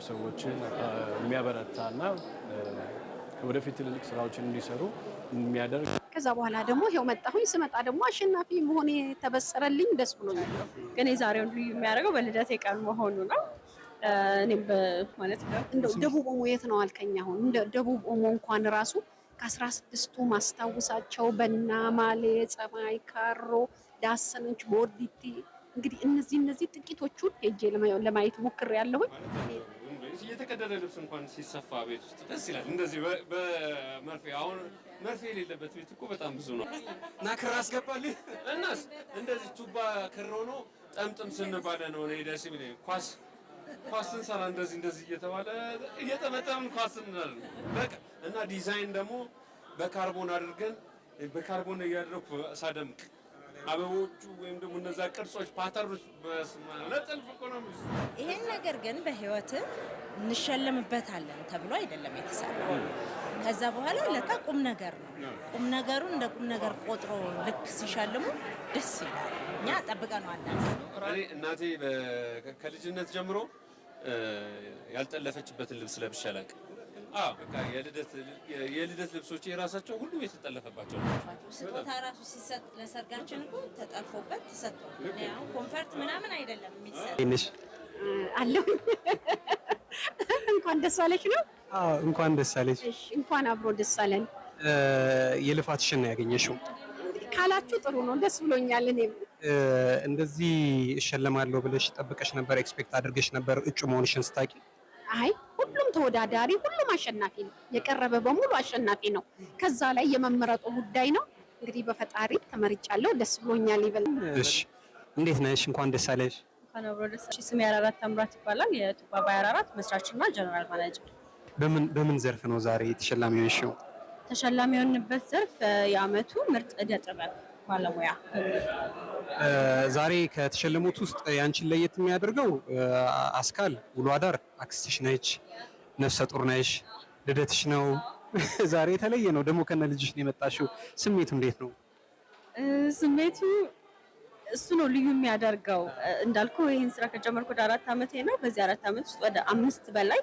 ማህበረሰብ ሰዎችን የሚያበረታና ወደፊት ትልልቅ ስራዎችን እንዲሰሩ የሚያደርግ ከዛ በኋላ ደግሞ ይኸው መጣሁኝ። ስመጣ ደግሞ አሸናፊ መሆን የተበሰረልኝ ደስ ነው። ግን የዛሬውን ልዩ የሚያደርገው በልደት ቀን መሆኑ ነው። እኔም ማለት እንደው ደቡብ ኦሞ የት ነው አልከኝ። አሁን እንደ ደቡብ ኦሞ እንኳን ራሱ ከአስራ ስድስቱ ማስታውሳቸው በና ማሌ፣ ጸማይ፣ ካሮ፣ ዳሰነች፣ ቦርዲቲ እንግዲህ እነዚህ እነዚህ ጥቂቶቹን ሄጄ ለማየት ሞክር ያለሁኝ። የተቀደደ ልብስ እንኳን ሲሰፋ ቤት ውስጥ ደስ ይላል። እንደዚህ በመርፌ አሁን መርፌ የሌለበት ቤት እኮ በጣም ብዙ ነው። እና ክር አስገባልኝ እናስ እንደዚህ ቱባ ክር ሆኖ ጠምጥም ስንባለ ነው እኔ ደስ ይለኝ። ኳስ ኳስ ስንሰራ እንደዚህ እንደዚህ እየተባለ እየጠመጠምን ኳስ ስንላል በቃ እና ዲዛይን ደግሞ በካርቦን አድርገን በካርቦን እያደረኩ ሳደምቅ አበቦቹ ወይም ደግሞ እነዛ ቅርጾች ፓተርኖች ለጥልፍ ይሄን ነገር ግን በህይወት እንሸለምበታለን ተብሎ አይደለም የተሰራው። ከዛ በኋላ ለካ ቁም ነገር ነው። ቁም ነገሩ እንደ ቁም ነገር ቆጥሮ ልክ ሲሸልሙ ደስ ይላል። እኛ ጠብቀነው አለን። እናቴ ከልጅነት ጀምሮ ያልጠለፈችበትን ልብስ ለብሼ አላውቅም። የልደት ልብሶች የራሳቸው ሁሉ የተጠለፈባቸው ስጦታ ራሱ ሲሰጥ ለሰርጋችን እኮ ተጠልፎበት ተሰጥቷል። ኮንፈርት ምናምን አይደለም የሚሰጥ አለሁ። እንኳን ደስ አለሽ ነው። እንኳን ደስ አለሽ። እንኳን አብሮ ደስ አለን። የልፋትሽን ነው ያገኘሽው ካላችሁ ጥሩ ነው። ደስ ብሎኛል። እኔም እንደዚህ እሸለማለሁ ብለሽ ጠብቀሽ ነበር? ኤክስፔክት አድርገሽ ነበር እጩ መሆንሽን ስታቂ? አይ ሁሉም ተወዳዳሪ፣ ሁሉም አሸናፊ ነው። የቀረበ በሙሉ አሸናፊ ነው። ከዛ ላይ የመመረጡ ጉዳይ ነው። እንግዲህ በፈጣሪ ተመርጫለሁ፣ ደስ ብሎኛል ይበል። እሺ፣ እንዴት ነሽ? እንኳን ደስ አለሽ። እንኳን ደስ አለሽ። ስሜ አራራት ታምራት ይባላል። የቱባ ባይ አራራት መስራችና ጀነራል ማናጀር። በምን በምን ዘርፍ ነው ዛሬ ተሸላሚ ሆንሽው? ተሸላሚ የሆንበት ዘርፍ የአመቱ ምርጥ እደ ጥበብ ባለሙያ ዛሬ ከተሸለሙት ውስጥ ያንቺን ለየት የሚያደርገው አስካል ውሎ አዳር አክስትሽ ነች። ነፍሰ ጡር ነሽ፣ ልደትሽ ነው ዛሬ የተለየ ነው። ደግሞ ከነ ልጅሽ ነው የመጣሽው። ስሜቱ እንዴት ነው? ስሜቱ እሱ ነው ልዩ የሚያደርገው። እንዳልኩ ይህን ስራ ከጀመርኩ ወደ አራት ዓመቴ ነው። በዚህ አራት ዓመት ውስጥ ወደ አምስት በላይ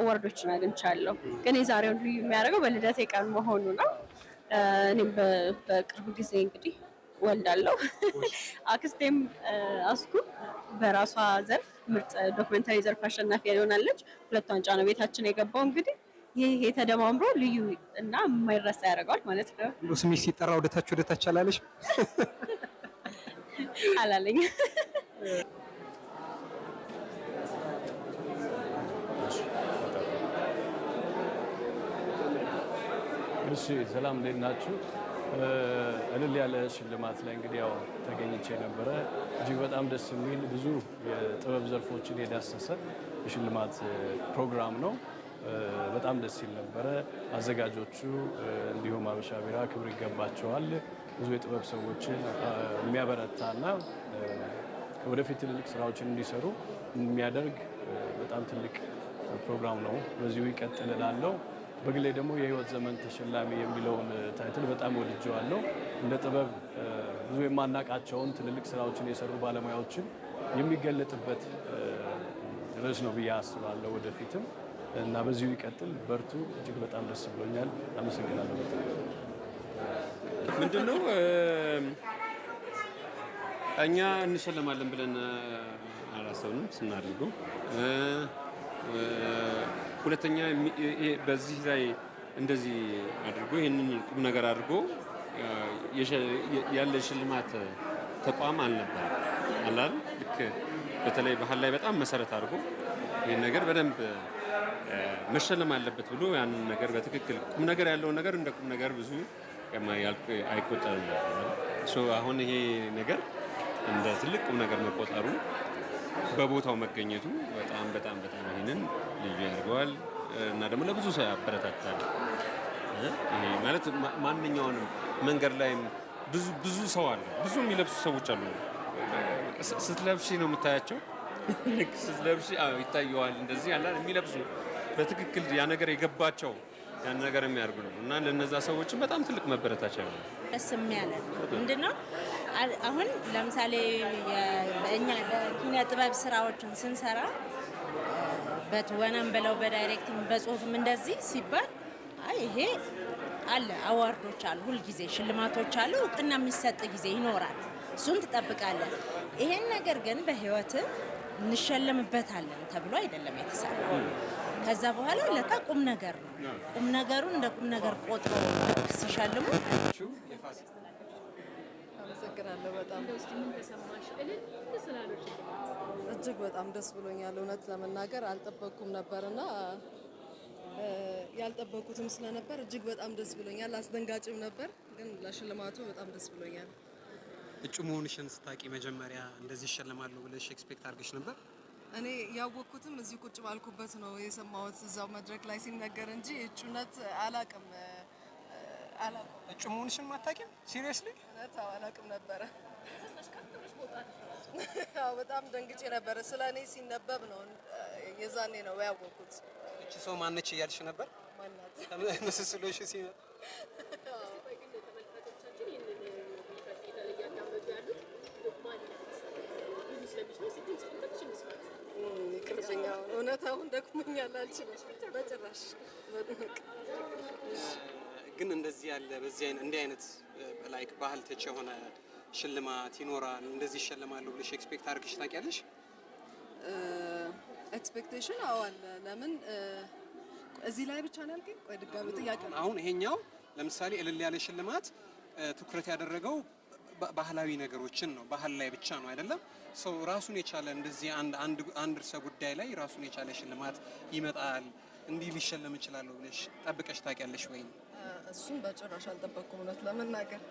አዋርዶችን አግኝቻለሁ። ግን የዛሬውን ልዩ የሚያደርገው በልደቴ ቀን መሆኑ ነው። እኔም በቅርብ ጊዜ እንግዲህ ወልዳለሁ። አክስቴም አስኩ በራሷ ዘርፍ ምርጥ ዶክመንታሪ ዘርፍ አሸናፊ ሆናለች። ሁለቱ ዋንጫ ነው ቤታችን የገባው። እንግዲህ ይህ የተደማምሮ ልዩ እና የማይረሳ ያደርገዋል ማለት ነው። ስሚ ሲጠራ ወደታች ወደታች አላለች አላለኝ እሺ ሰላም፣ እንዴት ናችሁ? እልል ያለ ሽልማት ላይ እንግዲህ ያው ተገኝቼ ነበረ። እጅግ በጣም ደስ የሚል ብዙ የጥበብ ዘርፎችን የዳሰሰ የሽልማት ፕሮግራም ነው። በጣም ደስ ይል ነበረ። አዘጋጆቹ እንዲሁም ሀበሻ ቢራ ክብር ይገባቸዋል። ብዙ የጥበብ ሰዎችን የሚያበረታና ወደፊት ትልልቅ ስራዎችን እንዲሰሩ የሚያደርግ በጣም ትልቅ ፕሮግራም ነው። በዚሁ ይቀጥል እላለሁ። በግሌ ደግሞ የህይወት ዘመን ተሸላሚ የሚለውን ታይትል በጣም ወድጀዋለሁ። እንደ ጥበብ ብዙ የማናቃቸውን ትልልቅ ስራዎችን የሰሩ ባለሙያዎችን የሚገለጥበት ርዕስ ነው ብዬ አስባለሁ። ወደፊትም እና በዚሁ ይቀጥል፣ በርቱ። እጅግ በጣም ደስ ብሎኛል። አመሰግናለሁ። ምንድን ነው እኛ እንሸለማለን ብለን አላሰብንም ስናደርገው ሁለተኛ በዚህ ላይ እንደዚህ አድርጎ ይህንን ቁም ነገር አድርጎ ያለ ሽልማት ተቋም አልነበረም። አላል ልክ በተለይ ባህል ላይ በጣም መሰረት አድርጎ ይህን ነገር በደንብ መሸለም አለበት ብሎ ያንን ነገር በትክክል ቁም ነገር ያለውን ነገር እንደ ቁም ነገር ብዙ አይቆጠርም። አሁን ይሄ ነገር እንደ ትልቅ ቁም ነገር መቆጠሩ በቦታው መገኘቱ በጣም በጣም በጣም ይህንን ልዩ ያደርገዋል እና ደግሞ ለብዙ ሰው ያበረታታል። ይሄ ማለት ማንኛውንም መንገድ ላይም ብዙ ብዙ ሰው አለ፣ ብዙ የሚለብሱ ሰዎች አሉ። ስትለብሺ ነው የምታያቸው። ልክ ስትለብሺ ይታየዋል። እንደዚህ ያለ የሚለብሱ በትክክል ያ ነገር የገባቸው ያን ነገር የሚያደርጉ ነው እና ለነዛ ሰዎችን በጣም ትልቅ መበረታቻ ነው። ደስ የሚያለ ምንድነው አሁን ለምሳሌ በእኛ በኪነ ጥበብ ስራዎችን ስንሰራ በትወናም ብለው በዳይሬክቲንግ በጽሁፍም እንደዚህ ሲባል አይ ይሄ አለ፣ አዋርዶች አሉ፣ ሁልጊዜ ሽልማቶች አሉ፣ እውቅና የሚሰጥ ጊዜ ይኖራል። እሱን ትጠብቃለን። ይሄን ነገር ግን በህይወት እንሸለምበታለን ተብሎ አይደለም የተሰራው። ከዛ በኋላ ለታ ቁም ነገር ነው። ቁም ነገሩ እንደ ቁም ነገር ቆጥሮ ሲሸልሙ አመሰግናለሁ በጣም እጅግ በጣም ደስ ብሎኛል። እውነት ለመናገር አልጠበቅኩም ነበርና ያልጠበቁትም ስለነበር እጅግ በጣም ደስ ብሎኛል። አስደንጋጭም ነበር፣ ግን ለሽልማቱ በጣም ደስ ብሎኛል። እጩ መሆንሽን ስታቂ መጀመሪያ እንደዚህ ይሸልማለሁ ብለሽ ኤክስፔክት አድርገሽ ነበር? እኔ ያወቅኩትም እዚህ ቁጭ ባልኩበት ነው የሰማሁት፣ እዛው መድረክ ላይ ሲነገር እንጂ እጩነት አላቅም አላቅም። እጩ መሆንሽን አታቂም? ሲሪየስሊ? እውነት አላቅም ነበረ በጣም ደንግጬ ነበረ። ስለ እኔ ሲነበብ ነው የዛኔ ነው ያወቅኩት። እቺ ሰው ማነች እያልሽ ነበር? ማናት ምስስሎሽ ሲመጣ ይቅርብኛውን እውነት ደክሞኛል፣ አልችልም በጭራሽ። ግን እንደዚህ ያለ በዚህ እንዲህ አይነት ላይክ ባህል ተች የሆነ ሽልማት ይኖራል፣ እንደዚህ ይሸልማሉ ብለሽ ኤክስፔክት አድርግሽ ታውቂያለሽ? ኤክስፔክቴሽን አዎ አለ። ለምን እዚህ ላይ ብቻ ነው ያልከኝ? ቆይ ድጋሚ ጥያቄ አሁን ይሄኛው ለምሳሌ እልል ያለ ሽልማት ትኩረት ያደረገው ባህላዊ ነገሮችን ነው፣ ባህል ላይ ብቻ ነው አይደለም። ሰው ራሱን የቻለ እንደዚህ አንድ አንድ ርዕሰ ጉዳይ ላይ ራሱን የቻለ ሽልማት ይመጣል እንዲህ ሊሸለም እችላለሁ ብለሽ ጠብቀሽ ታውቂያለሽ ወይ? እሱን በጭራሽ አልጠበቅኩም እውነት ለመናገር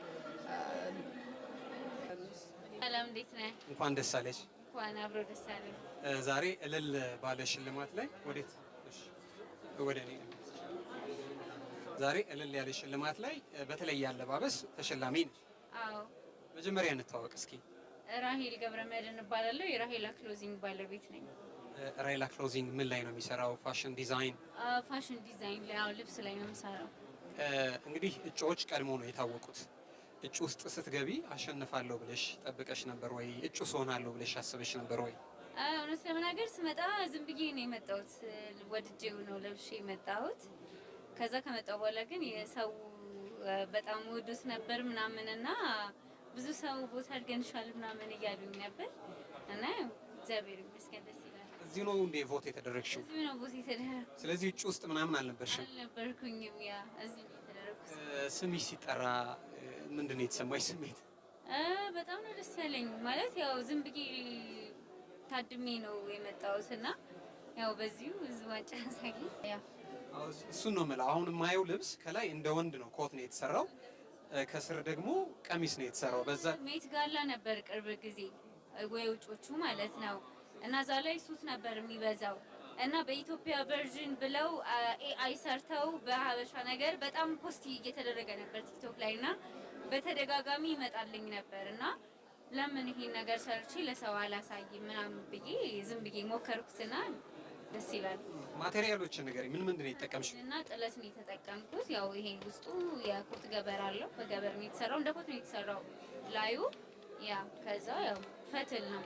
ሰላም፣ እንዴት ነህ? እንኳን ደስ አለሽ። እንኳን አብሮ ደስ አለ። ዛሬ እልል ባለ ሽልማት ላይ ወዴት ወደ እኔ ዛሬ እልል ያለ ሽልማት ላይ በተለየ አለባበስ ተሸላሚ ነሽ። አዎ፣ መጀመሪያ እንተዋወቅ እስኪ። ራሄል መድን እባላለሁ። የራሄላ ክሎዚንግ ባለቤት ነኝ። ራሄላ ክሎዚንግ ምን ላይ ነው የሚሰራው? ፋሽን ዲዛይን። ፋሽን ዲዛይን ላይ፣ ልብስ ላይ ነው የምሰራው። እንግዲህ እጩዎች ቀድሞ ነው የታወቁት እጩ ውስጥ ስትገቢ አሸንፋለሁ ብለሽ ጠብቀሽ ነበር ወይ? እጩ ስሆናለሁ ብለሽ አስበሽ ነበር ወይ? እውነት ለመናገር ስመጣ ዝም ብዬ ነው የመጣሁት። ወድጄው ነው ለብሼ የመጣሁት። ከዛ ከመጣሁ በኋላ ግን የሰው በጣም ወዶት ነበር ምናምን እና ብዙ ሰው ቦታ አድገንሻል ምናምን እያሉኝ ነበር እና እግዚአብሔር ይመስገን ደስ ይላል። እዚህ ነው እንዴ ቮት የተደረግሽው? እዚህ ነው ቮት የተደረግ። ስለዚህ እጩ ውስጥ ምናምን አልነበርሽም? አልነበርኩኝም። ያ እዚህ ነው የተደረግኩት። ስምሽ ሲጠራ ምንድን ነው የተሰማኝ ስሜት? በጣም ነው ደስ ያለኝ። ማለት ያው ዝም ብዬ ታድሜ ነው የመጣሁት እና ያው በዚሁ እዚህ ዋንጫ ሳገኝ እሱን ነው የምልህ። አሁን የማየው ልብስ ከላይ እንደ ወንድ ነው ኮት ነው የተሰራው፣ ከስር ደግሞ ቀሚስ ነው የተሰራው። በዛ ሜት ጋላ ነበር ቅርብ ጊዜ ወይ ውጮቹ ማለት ነው እና እዛ ላይ ሱት ነበር የሚበዛው እና በኢትዮጵያ ቨርዥን ብለው ኤአይ ሰርተው በሀበሻ ነገር በጣም ፖስት እየተደረገ ነበር ቲክቶክ ላይ እና በተደጋጋሚ ይመጣልኝ ነበር እና ለምን ይሄን ነገር ሰርቼ ለሰው አላሳይ ምናምን ብዬ ዝም ብዬ ሞከርኩትና ደስ ይላል። ማቴሪያሎችን ነገር ምን ምንድን ነው የተጠቀምሽ? እና ጥለት ነው የተጠቀምኩት። ያው ይሄ ውስጡ የኮት ገበር አለው። በገበር ነው የተሰራው፣ እንደ ኮት ነው የተሰራው ላዩ። ያ ከዛ ያው ፈትል ነው